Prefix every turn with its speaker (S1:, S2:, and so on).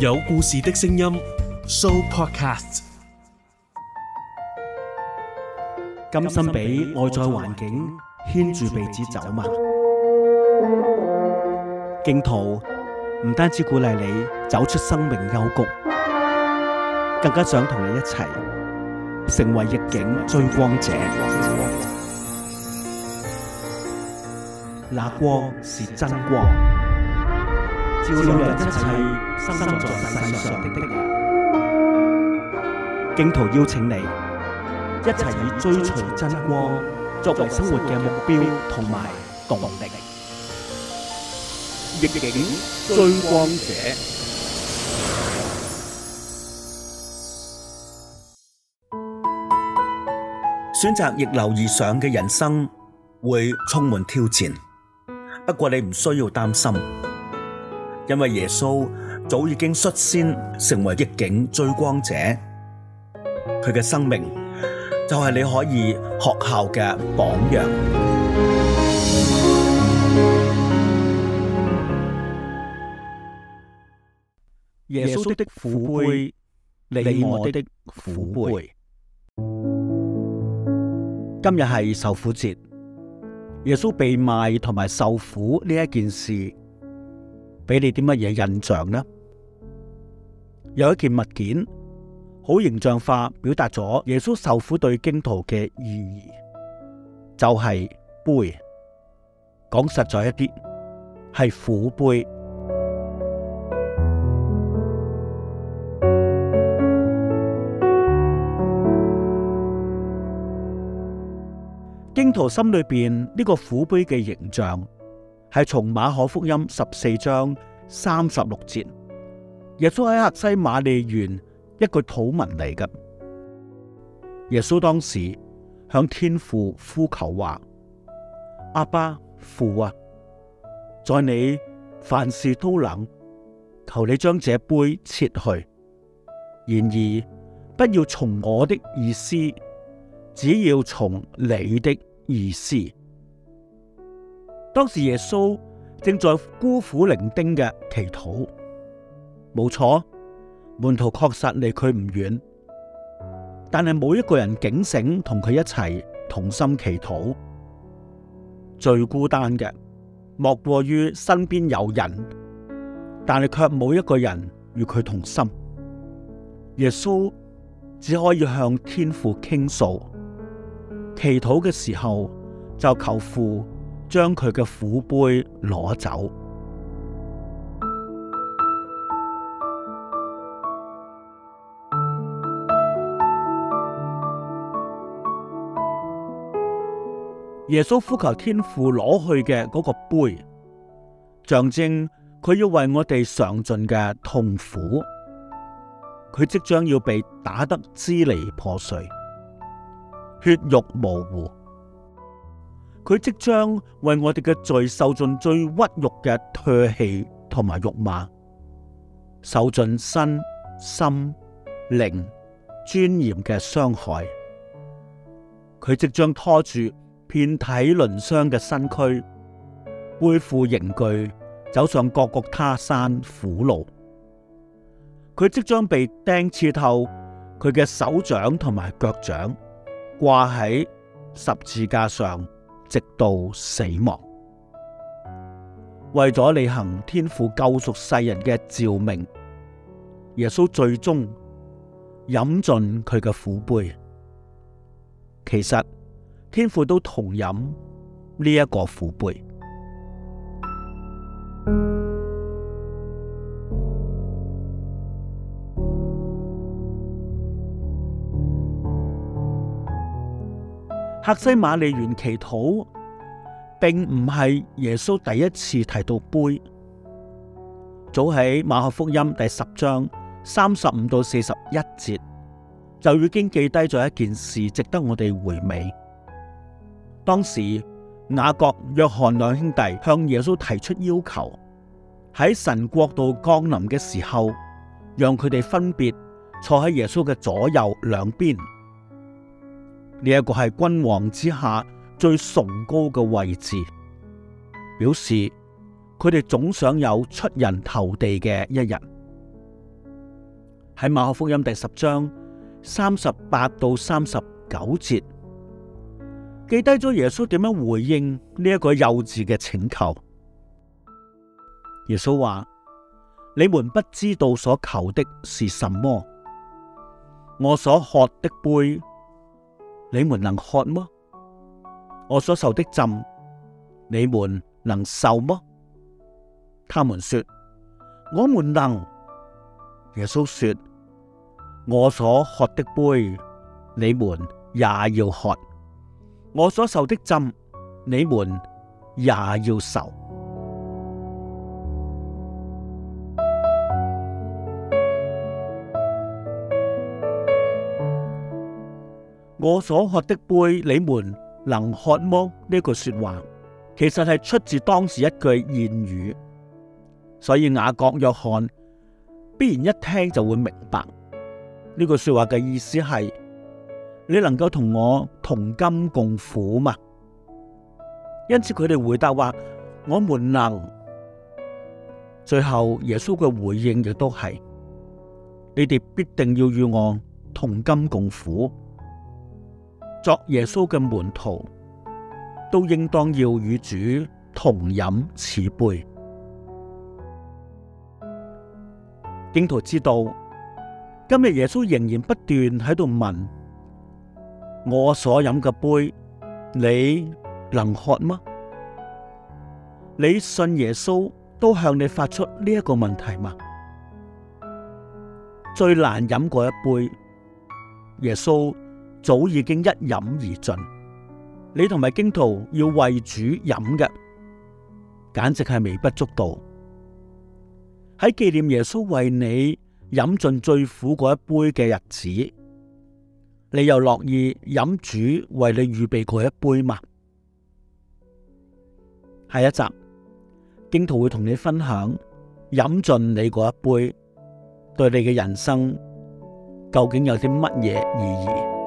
S1: 有故事的聲音，Show Podcast，甘心俾外在環境牽住鼻子走嗎？荊徒唔單止鼓勵你走出生命幽谷，更加想同你一齊成為逆境追光者。那光是真光。照亮一切生在世上的的人，荊徒邀請你一齊以追隨真光作為生活嘅目標同埋動力。逆境追光者，選擇逆流而上嘅人生會充滿挑戰，不過你唔需要擔心。因為耶穌早已經率先成為逆境追光者，佢嘅生命就係你可以學校嘅榜樣。耶穌的的苦杯，你我的的苦杯。今日係受苦節，耶穌被賣同埋受苦呢一件事。俾你啲乜嘢印象呢？有一件物件好形象化，表達咗耶穌受苦對荊徒嘅意義，就係杯。講實在一啲，係苦杯。荊徒心裏邊呢個苦杯嘅形象。係從馬可福音十四章三十六節，耶穌喺客西馬利園一句禱文嚟嘅。耶穌當時向天父呼求話：阿爸父啊，在你凡事都能，求你將這杯撤去。然而不要從我的意思，只要從你的意思。當時耶穌正在孤苦伶仃嘅祈禱，冇錯，門徒確實離佢唔遠，但係冇一個人警醒同佢一齊同心祈禱。最孤單嘅莫過於身邊有人，但係卻冇一個人與佢同心。耶穌只可以向天父傾訴，祈禱嘅時候就求父。將佢嘅苦杯攞走。耶穌呼求天父攞去嘅嗰個杯，象徵佢要為我哋上盡嘅痛苦，佢即將要被打得支離破碎，血肉模糊。佢即將為我哋嘅罪受盡最屈辱嘅唾棄同埋辱罵，受盡身心靈尊嚴嘅傷害。佢即將拖住遍體鱗傷嘅身軀，背負刑具，走上各各他山苦路。佢即將被釘刺透佢嘅手掌同埋腳掌掛喺十字架上。直到死亡，為咗履行天父救贖世人嘅召命，耶穌最終飲盡佢嘅苦杯。其實天父都同飲呢一個苦杯。客西馬尼園祈禱，並唔係耶穌第一次提到杯。早喺馬可福音第十章三十五到四十一節，就已經記低咗一件事，值得我哋回味。當時雅各、約翰兩兄弟向耶穌提出要求，喺神國度降臨嘅時候，讓佢哋分別坐喺耶穌嘅左右兩邊。呢一個係君王之下最崇高嘅位置，表示佢哋總想有出人頭地嘅一日。喺馬可福音第十章三十八到三十九節，記低咗耶穌點樣回應呢一個幼稚嘅請求。耶穌話：你們不知道所求的是什麼。我所喝的杯。你們能喝麼？我所受的浸，你們能受麼？他們說，我們能。耶穌說，我所喝的杯，你們也要喝；我所受的浸，你們也要受。我所喝的杯，你們能喝麼？呢句說話其實係出自當時一句諺語，所以雅各約翰必然一聽就會明白。呢句說話嘅意思係，你能夠同我同甘共苦嘛？因此佢哋回答話：我們能。最後耶穌嘅回應亦都係：你哋必定要與我同甘共苦。作耶穌嘅門徒，都應當要與主同飲此杯。荊徒知道，今日耶穌仍然不斷喺度問：我所飲嘅杯，你能喝嗎？你信耶穌都向你發出呢一個問題嗎？最難飲嗰一杯，耶穌，早已經一飲而盡，你同埋荊徒要為主飲嘅，簡直係微不足道。喺紀念耶穌為你飲盡最苦嗰一杯嘅日子，你又樂意飲主為你預備嗰一杯嗎？下一集荊徒會同你分享飲盡你嗰一杯，對你嘅人生究竟有啲乜嘢意義？